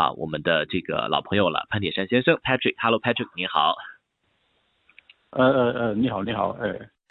啊，我們的這個老朋友了，潘鐵珊先生，Patrick，Hello，Patrick，Patrick，你好。呃呃呃，你好，你好，哎、呃。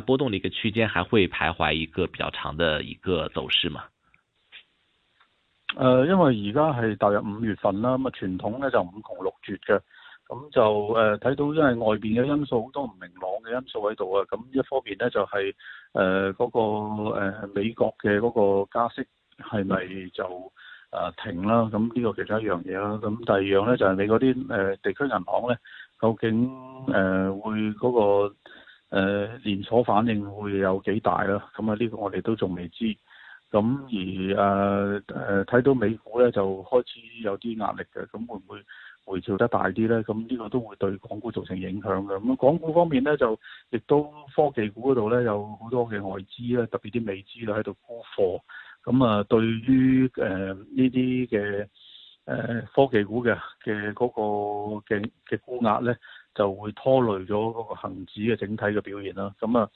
波動嘅一個區間，還會徘徊一個比較長嘅一個走勢嘛？誒、呃，因為而家係踏入五月份啦，咁啊傳統咧就五窮六絕嘅，咁就誒睇、呃、到因為外邊嘅因素好多唔明朗嘅因素喺度啊，咁一方面咧就係誒嗰個誒、呃、美國嘅嗰個加息係咪就誒、呃、停啦？咁呢個其中一樣嘢啦，咁第二樣咧就係、是、你嗰啲誒地區銀行咧，究竟誒、呃、會嗰、那個？誒、呃、連鎖反應會有幾大啦？咁啊，呢個我哋都仲未知。咁而啊、呃、睇到美股咧就開始有啲壓力嘅，咁會唔會回調得大啲咧？咁呢個都會對港股造成影響嘅。咁港股方面咧，就亦都科技股嗰度咧有好多嘅外資咧，特別啲美資咧喺度沽貨。咁啊，對於呢啲嘅誒科技股嘅嘅嗰個嘅嘅沽壓咧。就會拖累咗嗰個恆指嘅整體嘅表現啦。咁啊，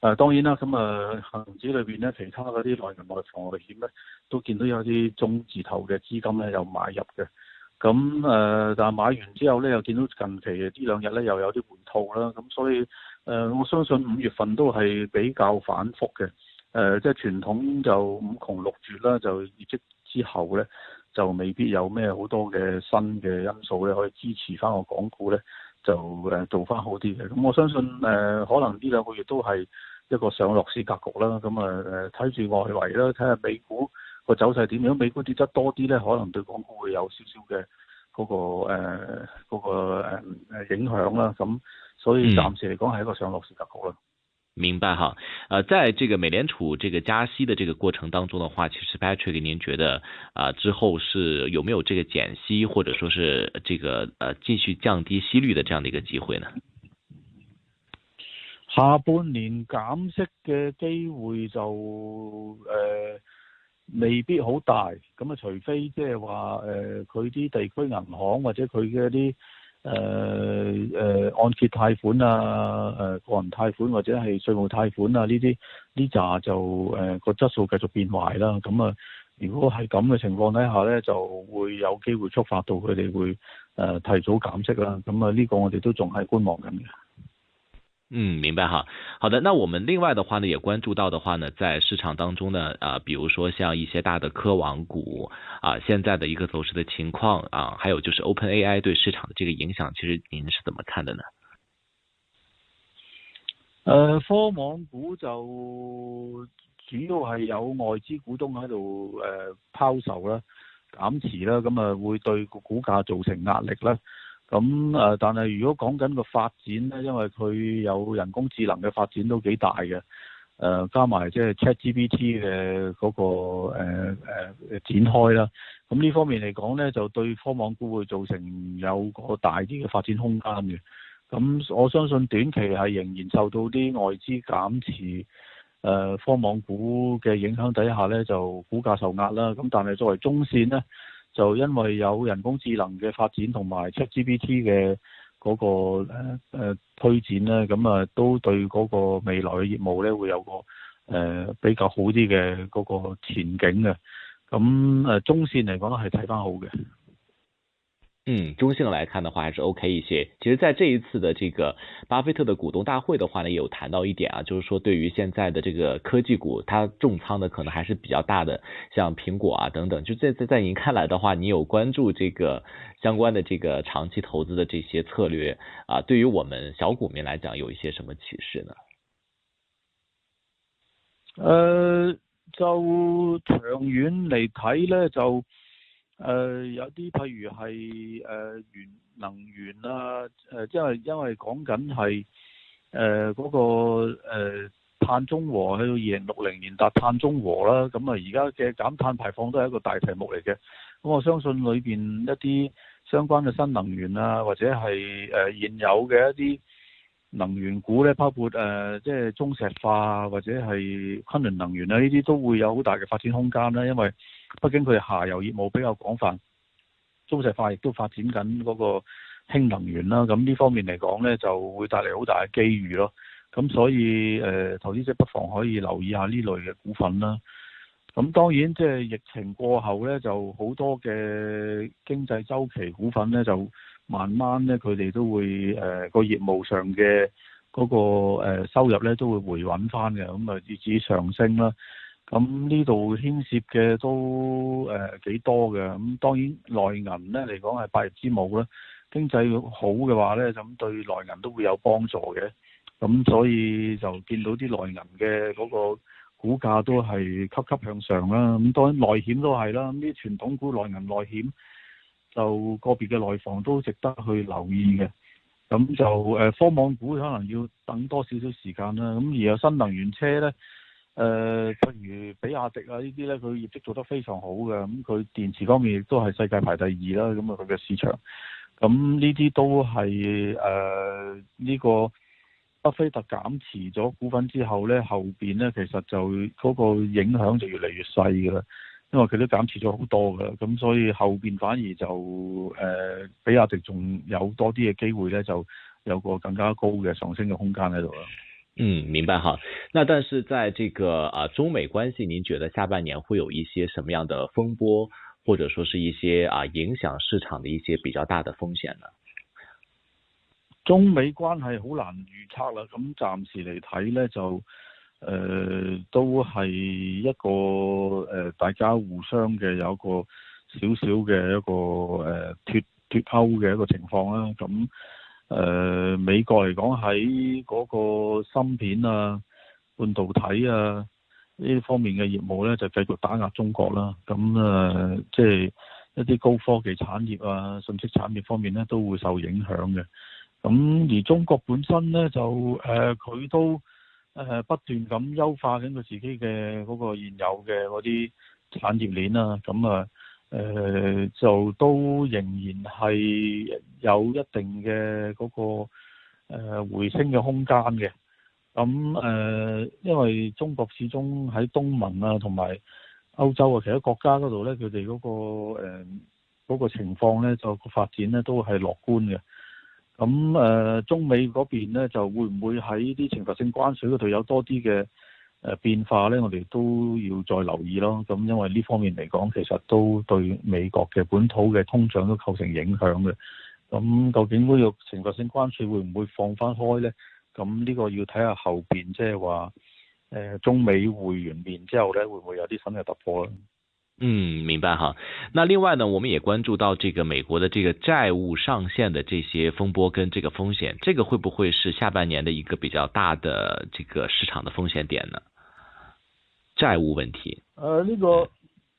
誒當然啦，咁啊恆指裏邊咧，其他嗰啲內銀、內房、內險咧，都見到有啲中字頭嘅資金咧，又買入嘅。咁誒，但係買完之後咧，又見到近期嘅呢兩日咧，又有啲回吐啦。咁所以誒，我相信五月份都係比較反覆嘅。誒，即係傳統就五窮六絕啦，就業績之後咧，就未必有咩好多嘅新嘅因素咧，可以支持翻個港股咧。就誒做翻好啲嘅，咁我相信誒、呃、可能呢兩個月都係一個上落市格局啦。咁啊誒睇住外圍啦，睇、呃、下美股個走勢點樣。美股跌得多啲咧，可能對港股會有少少嘅嗰、嗰個誒嗰、呃嗰個、呃呃、影響啦。咁所以暫時嚟講係一個上落市格局啦。嗯。明白哈，呃，在這個美聯儲這個加息的這個過程當中的話，其實 Patrick，您覺得啊、呃、之後是有沒有這個減息，或者說是這個呃繼續降低息率的這樣的一個機會呢？下半年減息嘅機會就誒、呃、未必好大，咁啊，除非即係話誒佢啲地區銀行或者佢嘅一啲。誒誒、呃呃、按揭貸款啊，誒、呃、個人貸款或者係稅務貸款啊，呢啲呢扎就誒個、呃、質素繼續變壞啦。咁啊，如果係咁嘅情況底下咧，就會有機會觸發到佢哋會誒、呃、提早減息啦。咁啊，呢、呢個我哋都仲係觀望緊嘅。嗯，明白哈。好的，那我們另外的話呢，也關注到的話呢，在市場當中呢，啊、呃，比如說像一些大的科網股啊、呃，現在的一個走勢的情況啊、呃，還有就是 OpenAI 對市場的這個影響，其實您是怎麼看的呢？呃，科網股就主要係有外資股東喺度誒拋售啦、減持啦，咁、嗯、啊會對個股價造成壓力啦。咁誒，但係如果講緊個發展咧，因為佢有人工智能嘅發展都幾大嘅，誒、呃、加埋即係 ChatGPT 嘅嗰、那個誒、呃呃、展開啦。咁呢方面嚟講咧，就對科網股會造成有個大啲嘅發展空間嘅。咁我相信短期係仍然受到啲外資減持，誒、呃、科網股嘅影響底下咧，就股價受壓啦。咁但係作為中線咧，就因為有人工智能嘅發展同埋 ChatGPT 嘅嗰個誒誒推展咧，咁啊都對嗰個未來嘅業務咧會有個誒比較好啲嘅嗰個前景嘅。咁誒中線嚟講都係睇翻好嘅。嗯，中性來看的話還是 OK 一些。其實，在這一次的這個巴菲特的股東大會的話呢，也有談到一點啊，就是說對於現在的這個科技股，它重倉的可能還是比較大的，像蘋果啊等等。就在在在您看來的話，你有關注這個相關的這個長期投資的這些策略啊？對於我們小股民來講，有一些什麼啟示呢？呃，就長遠嚟睇呢，就。誒、呃、有啲譬如係誒新能源啊，誒即係因為講緊係誒嗰個、呃、碳中和去到二零六零年達碳中和啦，咁啊而家嘅減碳排放都係一個大題目嚟嘅，咁我相信裏面一啲相關嘅新能源啊，或者係誒、呃、現有嘅一啲。能源股咧，包括誒、呃，即係中石化或者係昆侖能源啦，呢啲都會有好大嘅發展空間啦。因為畢竟佢下游業務比較廣泛，中石化亦都發展緊嗰個氫能源啦。咁呢方面嚟講咧，就會帶嚟好大嘅機遇咯。咁所以誒，投資者不妨可以留意一下呢類嘅股份啦。咁當然，即係疫情過後咧，就好多嘅經濟周期股份咧就～慢慢咧，佢哋都會誒個、呃、業務上嘅嗰、那個、呃、收入咧都會回穩翻嘅，咁啊以至上升啦。咁呢度牽涉嘅都誒、呃、幾多嘅，咁、嗯、當然內銀咧嚟講係百業之母啦。經濟好嘅話咧，咁對內銀都會有幫助嘅。咁、嗯、所以就見到啲內銀嘅嗰個股價都係急急向上啦。咁、嗯、當然內險都係啦，咁啲傳統股內銀內險。就個別嘅內房都值得去留意嘅，咁就誒科網股可能要等多少少時間啦，咁而有新能源車呢，誒、呃、譬如比亞迪啊呢啲呢，佢業績做得非常好嘅，咁佢電池方面亦都係世界排第二啦，咁啊佢嘅市場，咁呢啲都係誒呢個巴菲特減持咗股份之後呢，後邊呢其實就嗰個影響就越嚟越細嘅啦。因為佢都減持咗好多㗎，咁所以後邊反而就誒、呃、比亞迪仲有多啲嘅機會咧，就有個更加高嘅上升嘅空間喺度。咯。嗯，明白哈。那但是在這個啊中美關係，您覺得下半年會有一些什麼樣的風波，或者說是一些啊影響市場的一些比較大的風險呢？中美關係好難預測啦，咁暫時嚟睇咧就。誒、呃、都係一個誒、呃，大家互相嘅有一個少少嘅一個誒脫脫鈎嘅一個情況啦、啊。咁、嗯、誒、呃、美國嚟講，喺嗰個芯片啊、半導體啊呢方面嘅業務咧，就繼續打壓中國啦。咁誒即係一啲高科技產業啊、信息產業方面咧，都會受影響嘅。咁、嗯、而中國本身咧就誒佢、呃、都。誒不斷咁優化緊佢自己嘅嗰個現有嘅嗰啲產業鏈啦、啊，咁啊誒、呃、就都仍然係有一定嘅嗰、嗰個、呃、回升嘅空間嘅。咁誒、呃，因為中國始終喺東盟啊同埋歐洲啊其他國家嗰度咧，佢哋嗰個誒、呃嗰個、情況咧就個發展咧都係樂觀嘅。咁誒，那中美嗰邊咧就會唔會喺啲懲罰性關稅嗰度有多啲嘅誒變化咧？我哋都要再留意咯。咁因為呢方面嚟講，其實都對美國嘅本土嘅通脹都構成影響嘅。咁究竟呢個懲罰性關稅會唔會放翻開咧？咁呢個要睇下後邊，即係話誒中美會完面之後咧，會唔會有啲新嘅突破咧？嗯，明白哈。那另外呢，我們也關注到這個美國的這個債務上限的這些風波跟這個風險，這個會不會是下半年的一個比較大的這個市場的風險點呢？債務問題。呃，呢個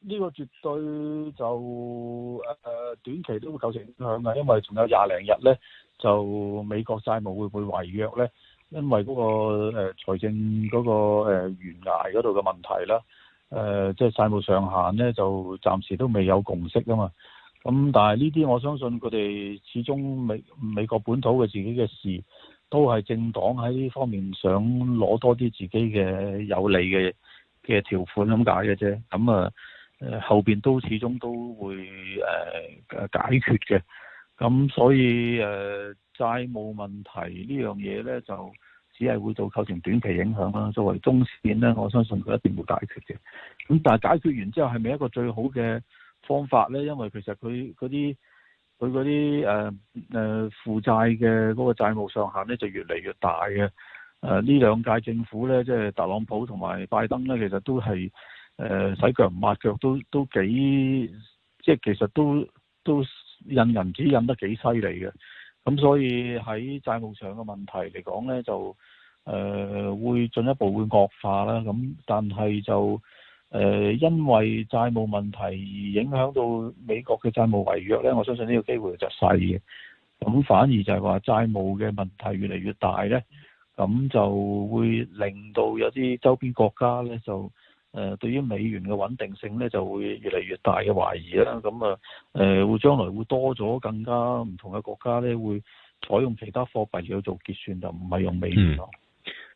呢個絕對就呃短期都會構成影響噶，因為仲有廿零日咧，就美國債務會唔會違約咧？因為嗰個呃財政嗰個呃懸崖嗰度嘅問題啦。誒、呃，即係債務上限咧，就暫時都未有共識啊嘛。咁但係呢啲，我相信佢哋始終美美國本土嘅自己嘅事，都係政黨喺呢方面想攞多啲自己嘅有利嘅嘅條款咁解嘅啫。咁啊，誒、呃、後邊都始終都會誒、呃、解決嘅。咁所以誒、呃、債務問題呢樣嘢咧就～只係會造構成短期影響啦，作為中線咧，我相信佢一定會解決嘅。咁但係解決完之後係咪一個最好嘅方法咧？因為其實佢嗰啲佢啲誒誒負債嘅嗰個債務上限咧就越嚟越大嘅。誒呢兩屆政府咧，即係特朗普同埋拜登咧，其實都係誒洗腳唔抹腳，都都幾即係其實都都印銀紙印得幾犀利嘅。咁所以喺債務上嘅問題嚟講咧，就誒會進一步會惡化啦。咁但係就誒因為債務問題而影響到美國嘅債務違約咧，我相信呢個機會就細嘅。咁反而就係話債務嘅問題越嚟越大咧，咁就會令到有啲周邊國家咧就。誒、呃、對於美元嘅穩定性咧，就會越嚟越大嘅懷疑啦。咁啊，誒會將來會多咗更加唔同嘅國家咧，會採用其他貨幣去做結算，就唔係用美元咯。嗯。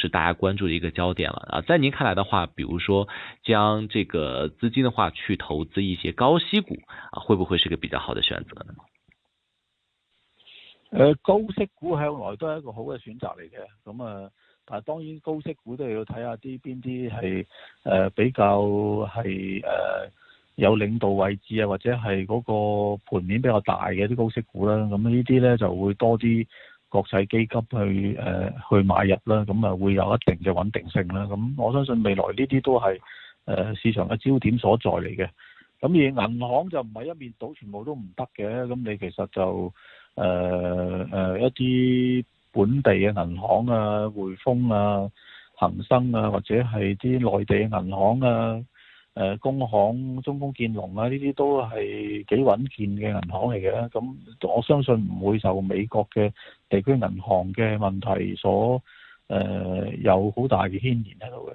是大家關注的一個焦點了啊！在您看來的話，比如說將這個資金的話去投資一些高息股啊，會不會是一個比較好的選擇呢、呃？高息股向來都係一個好嘅選擇嚟嘅，咁、嗯、啊，但當然高息股都要睇下啲邊啲係，誒、呃、比較係誒、呃、有領導位置啊，或者係嗰個盤面比較大嘅一啲高息股啦，咁呢啲呢就會多啲。國際基金去誒、呃、去買入啦，咁啊會有一定嘅穩定性啦。咁我相信未來呢啲都係誒、呃、市場嘅焦點所在嚟嘅。咁而銀行就唔係一面倒，全部都唔得嘅。咁你其實就誒誒、呃呃、一啲本地嘅銀行啊、匯豐啊、恒生啊，或者係啲內地嘅銀行啊。誒工行、中工、建農啊，呢啲都係幾穩健嘅銀行嚟嘅，咁我相信唔會受美國嘅地區銀行嘅問題所誒、呃、有好大嘅牽連喺度嘅。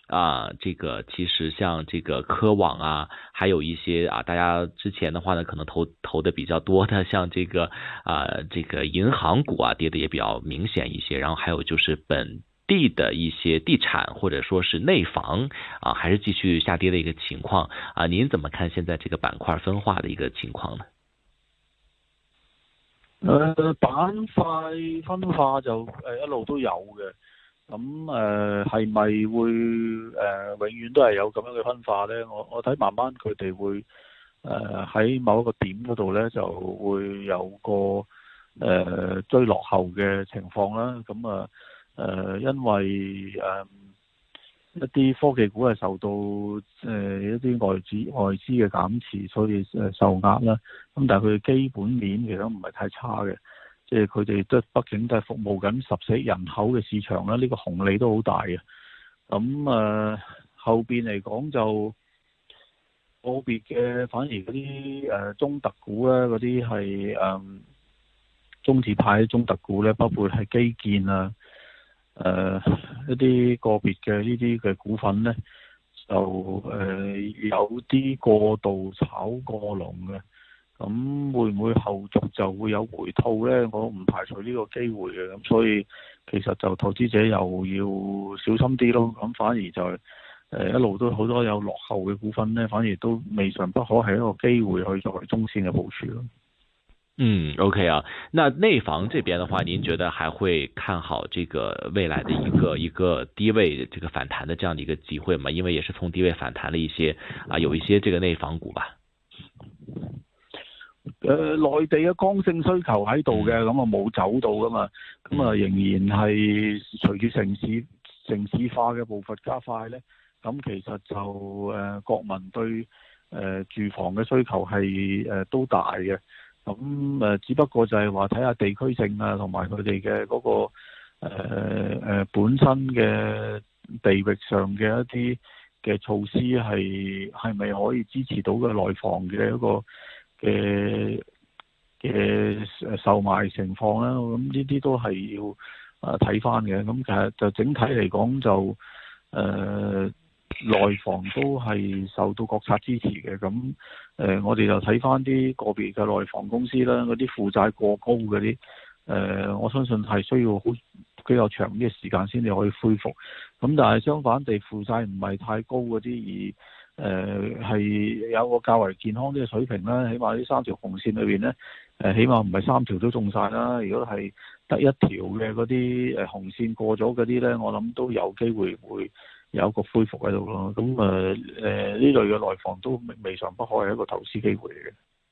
啊，這個其實像這個科網啊，還有一些啊，大家之前的話呢，可能投投的比較多的，像這個啊、呃，這個銀行股啊，跌的也比較明顯一些。然後還有就是本地的一些地產或者說是內房啊，還是繼續下跌的一個情況啊。您怎麼看現在這個板塊分化的一個情況呢？呃，板塊分化就誒一路都有嘅。咁係咪會、呃、永遠都係有咁樣嘅分化咧？我我睇慢慢佢哋會喺、呃、某一個點嗰度咧，就會有個誒、呃、追落後嘅情況啦。咁啊、呃、因為誒、呃、一啲科技股係受到誒、呃、一啲外資外資嘅減持，所以受壓啦。咁但係佢嘅基本面其實唔係太差嘅。即係佢哋都，畢竟都係服務緊十四億人口嘅市場啦，呢、這個紅利都好大嘅。咁誒、呃、後邊嚟講就個別嘅，反而嗰啲誒中特股咧，嗰啲係誒中字派。中特股咧、嗯，包括係基建啊，誒、呃、一啲個別嘅呢啲嘅股份咧，就誒、呃、有啲過度炒過龍嘅。咁會唔會後續就會有回吐呢？我唔排除呢個機會嘅，咁所以其實就投資者又要小心啲咯。咁反而就誒、呃、一路都好多有落後嘅股份呢，反而都未嘗不可係一個機會去作為中線嘅部署。咯。嗯，嗯，OK 啊。那內房這邊的話，您覺得還會看好這個未來的一個一個低位這個反彈的這樣一個機會嗎？因為也是從低位反彈了一些啊，有一些這個內房股吧。誒、呃、內地嘅剛性需求喺度嘅，咁啊冇走到噶嘛，咁啊仍然係隨住城市城市化嘅步伐加快咧，咁其實就誒、呃、國民對誒、呃、住房嘅需求係誒、呃、都大嘅，咁誒、呃、只不過就係話睇下地區性啊，同埋佢哋嘅嗰個誒、呃呃、本身嘅地域上嘅一啲嘅措施係係咪可以支持到嘅內房嘅一個。嘅嘅售賣情況啦，咁呢啲都係要啊睇翻嘅。咁其實就整體嚟講就誒、呃、內房都係受到國策支持嘅。咁誒、呃、我哋就睇翻啲個別嘅內房公司啦，嗰啲負債過高嗰啲誒，我相信係需要好比較長啲嘅時間先至可以恢復。咁但係相反地，負債唔係太高嗰啲而。誒係、呃、有個較為健康啲嘅水平啦，起碼呢三條紅線裏邊呢、呃，起碼唔係三條都中晒啦。如果係得一條嘅嗰啲誒紅線過咗嗰啲呢，我諗都有機會會有一個恢復喺度咯。咁誒誒呢類嘅內房都未，未嘗不可係一個投資機會嚟嘅。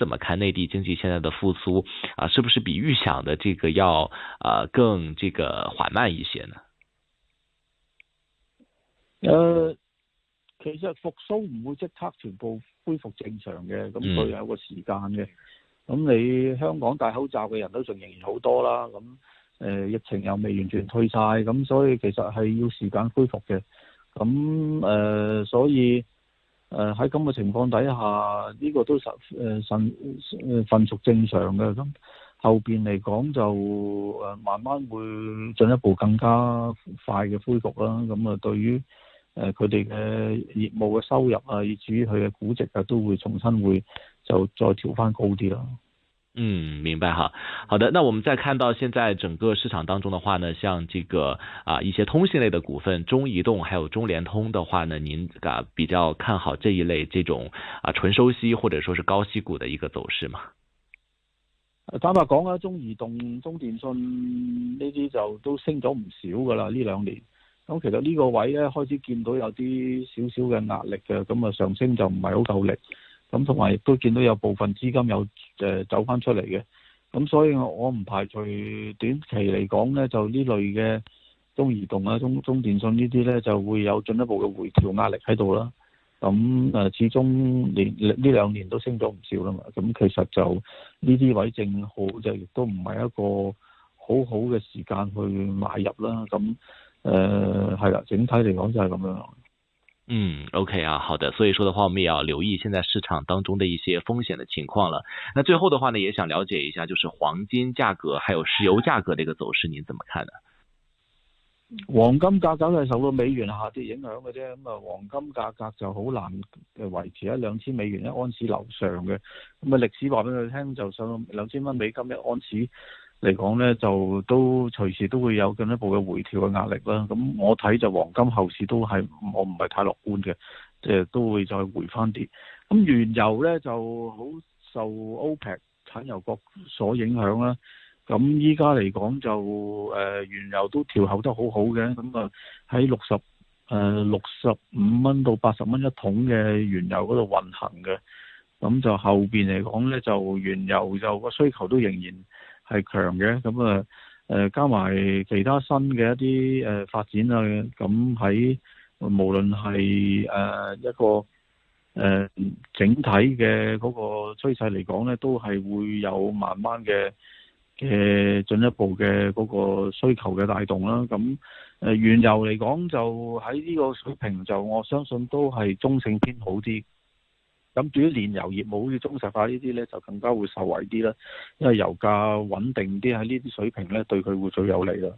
怎麼看內地經濟現在的復蘇啊，是不是比預想的這個要啊、呃、更這個緩慢一些呢？呃，其實復蘇唔會即刻全部恢復正常嘅，咁佢有個時間嘅。咁、嗯、你香港戴口罩嘅人都仲仍然好多啦，咁誒、呃、疫情又未完全退晒，咁所以其實係要時間恢復嘅。咁誒、呃、所以。誒喺咁嘅情況底下，呢個都實誒順誒份屬正常嘅，咁後邊嚟講就誒慢慢會進一步更加快嘅恢復啦，咁啊對於誒佢哋嘅業務嘅收入啊，以至於佢嘅估值啊，都會重新會就再調翻高啲咯。嗯，明白哈。好的，那我們再看到現在整個市場當中的話呢，像這個啊一些通信類的股份，中移動還有中聯通的話呢，您啊比較看好這一類這種啊純收息或者說是高息股的一個走勢嗎？呃，坦白講啊，中移動、中電信呢啲就都升咗唔少噶啦呢兩年。咁其實呢個位咧開始見到有啲少少嘅壓力嘅，咁啊上升就唔係好夠力。咁同埋亦都見到有部分資金有誒走返出嚟嘅，咁所以我我唔排除短期嚟講呢，就呢類嘅中移動啊、中中電信呢啲呢，就會有進一步嘅回調壓力喺度啦。咁誒，始終連呢兩年都升咗唔少啦嘛。咁其實就呢啲位正好就亦都唔係一個好好嘅時間去買入啦。咁誒係啦，整體嚟講就係咁樣。嗯，OK 啊，好的，所以說的話，我們也要留意現在市場當中的一些風險的情況了。那最後的話呢，也想了解一下，就是黃金價格還有石油價格的一個走勢，您怎麼看呢？黃金價格就係受到美元下跌影響嘅啫，咁啊，黃金價格就好難維持一兩千美元一盎司樓上嘅，咁啊歷史話俾你聽，就上兩千蚊美金一盎司。嚟講咧，就都隨時都會有進一步嘅回調嘅壓力啦。咁我睇就黃金後市都係我唔係太樂觀嘅，即係都會再回翻啲。咁原油咧就好受 OPEC 產油國所影響啦。咁依家嚟講就誒、呃，原油都調口得好好嘅。咁啊喺六十誒六十五蚊到八十蚊一桶嘅原油嗰度運行嘅。咁就後邊嚟講咧，就原油就個需求都仍然。係強嘅，咁啊，誒加埋其他新嘅一啲誒發展啊，咁喺無論係誒一個誒整體嘅嗰個趨勢嚟講咧，都係會有慢慢嘅嘅進一步嘅嗰個需求嘅帶動啦。咁誒原油嚟講就喺呢個水平，就我相信都係中性偏好啲。咁至於煉油業務好似中石化呢啲咧，就更加會受惠啲啦，因為油價穩定啲喺呢啲水平咧，對佢會最有利啦。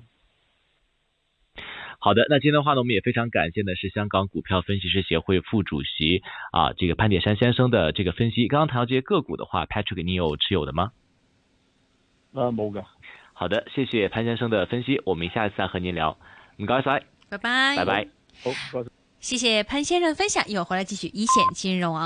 好的，那今天嘅話呢，我們也非常感謝呢，是香港股票分析師協會副主席啊，這個潘鐵珊先生的這個分析。剛剛談到啲個股的話，Patrick，你有持有的嗎？啊，冇㗎。好的，謝謝潘先生的分析，我們下一次再和您聊，唔該晒，拜拜 bye，拜拜 bye，好，唔該。謝謝潘先生分享，以後回來繼續一線金融。